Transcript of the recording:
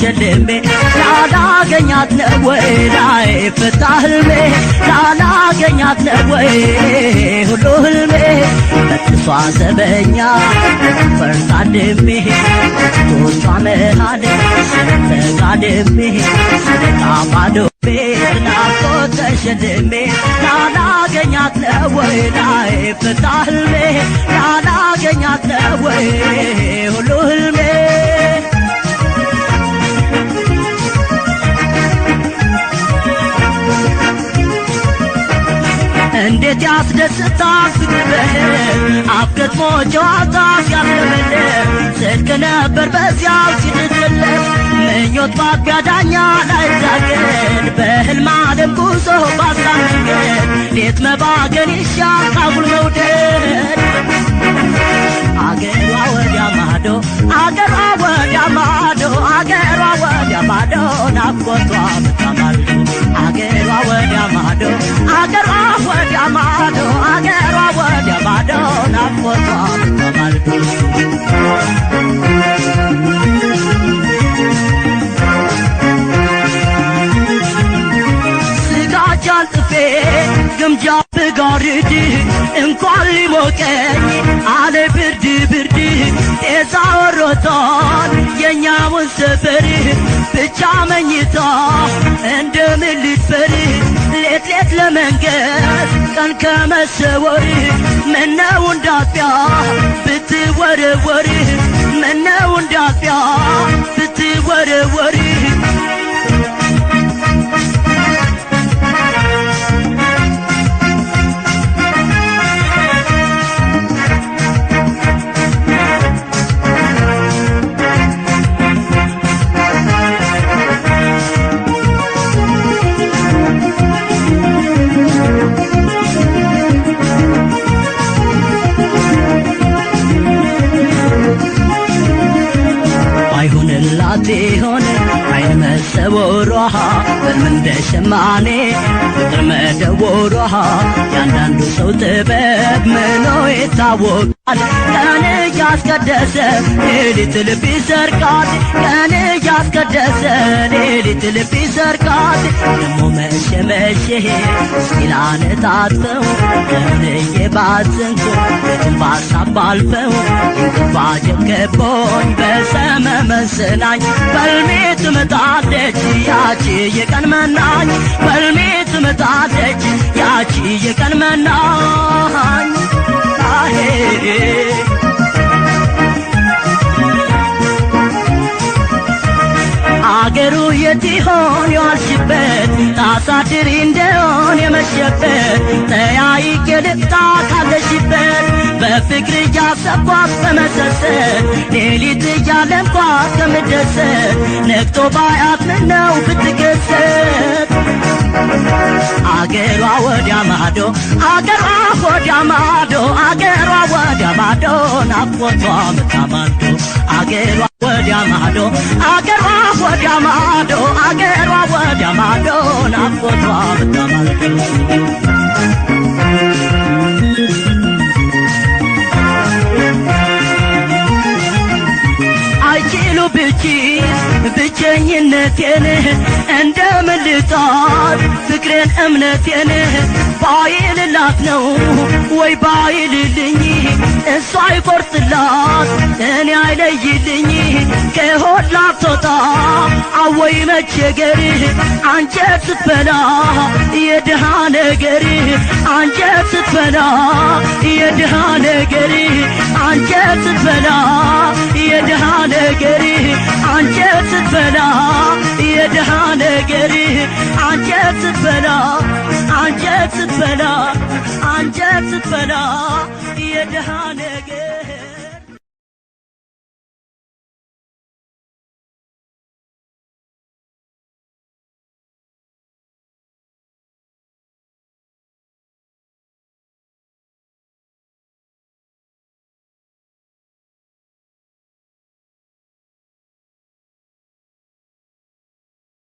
ሸልሜ ላላገኛት ነው ወይ ላይ ህልሜ ላላገኛት ነው ወይ ሁሉ ህልሜ በጥሷ ዘበኛ ፈርታ ደሜ ቶቿ መሃሌ ተጋ ደሜ ላላገኛት ነው ወይ ላይ ህልሜ ላላገኛት ነው ወይ ሲያስደስታ ሲግበል አብገጥሞ ጨዋታ ሲያስለመለ ጽድቅ ነበር በዚያው ሲድግለት ምኞት ባቢያ ዳኛ ላይ በህልም ዓለም ጉዞ ባሳንገን ሌት መባገን ይሻል አጉል መውደድ አገሯ ወዲያ ማዶ አገሯ ወዲያ ማዶ አገሯ ወዲያ ማዶ ናፍቆቷ ወዲያ ማዶ አገሯ ወዲያ ማዶ ናፍቆቷ ተማልቶ ስጋጃ ጽፌ ግምጃ ብጋርድ እንኳን ሊሞቀኝ አለ ብርድ ብርድ ጤዛ ወሮቷል የእኛውን ሰፈር ብቻ መኝታ እንደምን ልትፈርህ ሌት ሌት ለመንገድ ቀን ከመሸወሪ ምነው እንዳጥያ ብትወረወሪ ምነው እንዳጥያ ብትወረወሪ እንዲሆን አይን መሰወሯ በልም እንደ ሸማኔ ፍቅር መደወሯ ያንዳንዱ ሰው ጥበብ ምኖ ይታወቃል። እያስቀደሰ ሌሊት ልብ ይሰርቃል ቀን እያስቀደሰ ሌሊት ልብ ይሰርቃል ደሞ መሸ መሸ ሲላን ጣጥፈው ቀንዬ ባስንቱ በትንፋሳ ባልፈው የገባ ጀምገቦኝ በሰመ መስናኝ በልሜ ትመጣለች ያቺ የቀን መናኝ በልሜ ትመጣለች ያቺ የቀን መናኝ ታሳድሪ እንደሆን የመሸበት ተያይቄ ልብጣ ካለሽበት በፍቅር እያሰብኳት በመሰሰት ሌሊት እያለምኳት ከምደሰት ነግቶ ባያት ምነው ብትገሰት አገሯ ወዲያ ማዶ አገሯ ወዲያ ማዶ አገሯ ወዲያ ማዶ ናፍቆቷ ምታማዶ አገሯ ወዲያ ማዶ አገሯ ወዲያ ማዶ አገሯ ወዲያ ማዶ ናፍቆቷ ብታማልደው ሉ ብቺ ብቸኝነቴን እንደምን ልጣት ፍቅሬን እምነቴን ባይልላት ነው ወይ ባይልልኝ እሷ አይቆርጥላት እኔ አይለይልኝ ከሆድ ላትወጣ አወይ መች የገርህ አንጀት ስትበላ የድሃ ነገርህ አንጀት ስትበላ የድሃ ነገርህ አንጀት ስትበላ የድሃ ነገርህ አንጀት ስትበላ የድሃ ነገርህ አንጀት ስትበላ አንጀት ስትበላ አንጀት ስትበላ የድሃ ነገር